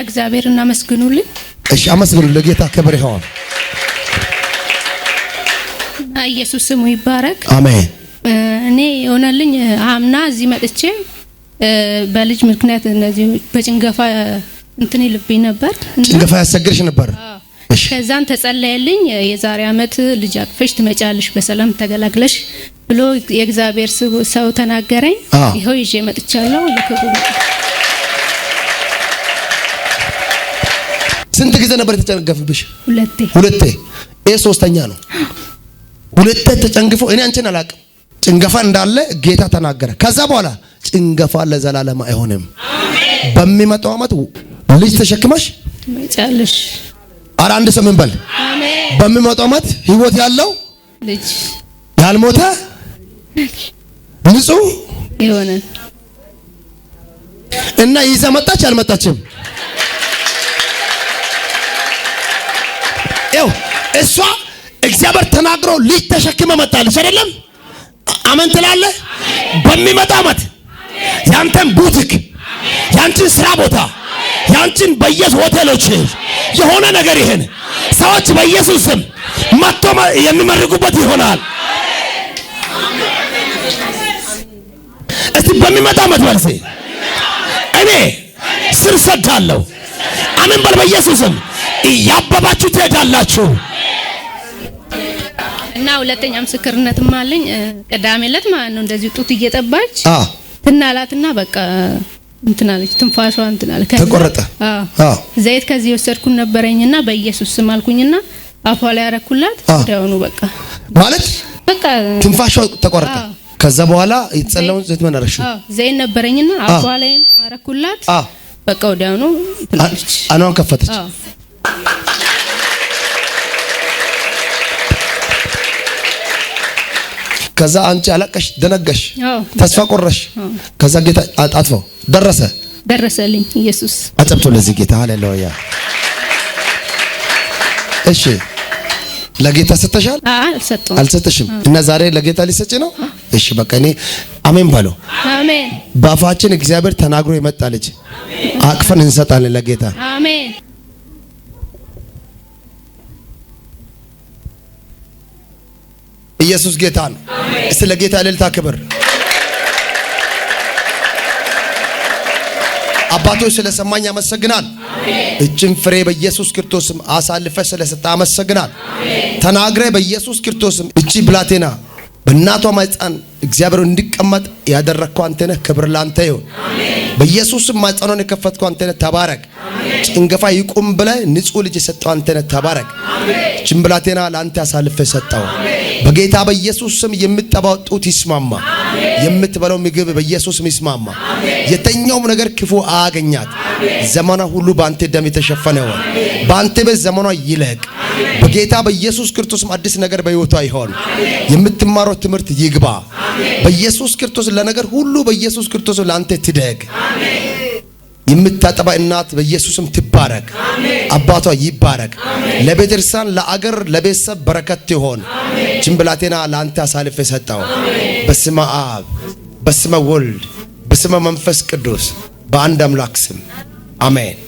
መጀመሪያ እግዚአብሔር እናመስግኑልኝ። እሺ አመስግኑ፣ ለጌታ ክብር ይሆን። ኢየሱስ ስሙ ይባረክ። አሜን። እኔ የሆነልኝ አምና እዚህ መጥቼ በልጅ ምክንያት እነዚህ በጭንገፋ እንትን ይልብኝ ነበር፣ ጭንገፋ ያሰግርሽ ነበር። ከዛን ተጸለየልኝ። የዛሬ አመት ልጅ አቅፈሽ ትመጫለሽ በሰላም ተገላግለሽ ብሎ የእግዚአብሔር ሰው ተናገረኝ። ይኸው ይዤ መጥቻለሁ። ለክብሩ ስንት ጊዜ ነበር የተጨነገፍብሽ? ሁለቴ ሁለቴ። ይሄ ሶስተኛ ነው። ሁለቴ ተጨንግፎ እኔ አንቺን አላቅም። ጭንገፋ እንዳለ ጌታ ተናገረ። ከዛ በኋላ ጭንገፋ ለዘላለም አይሆንም። በሚመጣው ዓመት ልጅ ተሸክመሽ ትመጫለሽ። ኧረ አንድ ሰው ምን በል። በሚመጣው ዓመት ህይወት ያለው ልጅ ያልሞተ ንጹህ ይሆናል እና ይዛ መጣች አልመጣችም? ይኸው እሷ እግዚአብሔር ተናግሮ ልጅ ተሸክመ መጣለች አይደለም? አመን ትላለህ። በሚመጣ አመት ያንተን ቡቲክ፣ ያንቺን ስራ ቦታ፣ ያንቺን በየስ ሆቴሎች የሆነ ነገር ይሄን ሰዎች በኢየሱስ ስም መጥቶ የሚመርቁበት ይሆናል። እስቲ በሚመጣ አመት መልሴ እኔ ስር ሰዳለሁ። አሜን በል በኢየሱስም እያበባችሁ ትሄዳላችሁ። እና ሁለተኛ ምስክርነትም አለኝ። ቅዳሜ ዕለት ማለት ነው እንደዚህ ጡት እየጠባች ትናላትና በቃ እንትናለች ትንፋሿ እንትን ተቆረጠ። ዘይት ከዚህ የወሰድኩን ነበረኝና በኢየሱስ ስም አልኩኝና አፏ ላይ ያረኩላት ወዲያውኑ በቃ ማለት በቃ ትንፋሿ ተቆረጠ። ከዛ በኋላ የተጸለውን ዘይት ምን አረግሽው? ዘይት ነበረኝና አፏ ላይ አረኩላት። በቃ ወዲያውኑ አኗን ከፈተች። ከዛ አንቺ አለቀሽ፣ ደነገሽ፣ ተስፋ ቆረሽ። ከዛ ጌታ አጣጥፈው ደረሰ ደረሰልኝ ኢየሱስ አጨብቶ ለዚህ ጌታ ሃሌሉያ። እሺ ለጌታ ሰጥተሻል? አልሰጠሽም። እና ዛሬ ለጌታ ሊሰጪ ነው። እሺ በቃ እኔ አሜን በለው። አሜን። በአፋችን እግዚአብሔር ተናግሮ የመጣ ልጅ አቅፈን እንሰጣለን ለጌታ አሜን። ኢየሱስ ጌታ ነው። ስለ ጌታ እልልታ ክብር። አባቶች ስለሰማኝ ያመሰግናል። እችን ፍሬ በኢየሱስ ክርስቶስም አሳልፈ ስለሰጠ አመሰግናል። ተናግረ በኢየሱስ ክርስቶስም እቺ ብላቴና በእናቷ ማህፀን እግዚአብሔር እንዲቀመጥ ያደረግከው አንተ ነህ። ክብር ላንተ ይሁን። በኢየሱስም ማህፀኗን የከፈትከው አንተ ነህ። ተባረክ። ጭንገፋ ይቁም ብለህ ንጹሕ ልጅ የሰጠው አንተ ነህ። ተባረክ። እችን ብላቴና ለአንተ አሳልፈ ሰጠው። በጌታ በኢየሱስ ስም የምትጠባጡት ይስማማ። የምትበለው ምግብ በኢየሱስ ስም ይስማማ። የተኛውም ነገር ክፉ አያገኛት። ዘመኗ ሁሉ በአንተ ደም የተሸፈነ ይሆን። በአንተ ቤት ዘመኗ ይለቅ። በጌታ በኢየሱስ ክርስቶስም አዲስ ነገር በሕይወቷ ይሆን። የምትማረው ትምህርት ይግባ በኢየሱስ ክርስቶስ። ለነገር ሁሉ በኢየሱስ ክርስቶስ ለአንተ ትደግ። የምታጠባ እናት በኢየሱስም ትባረክ፣ አባቷ ይባረክ። ለቤተክርስቲያን፣ ለአገር፣ ለቤተሰብ በረከት ትሆን። ችምብላቴና ለአንተ አሳልፌ የሰጠው በስመ አብ በስመ ወልድ በስመ መንፈስ ቅዱስ በአንድ አምላክ ስም አሜን።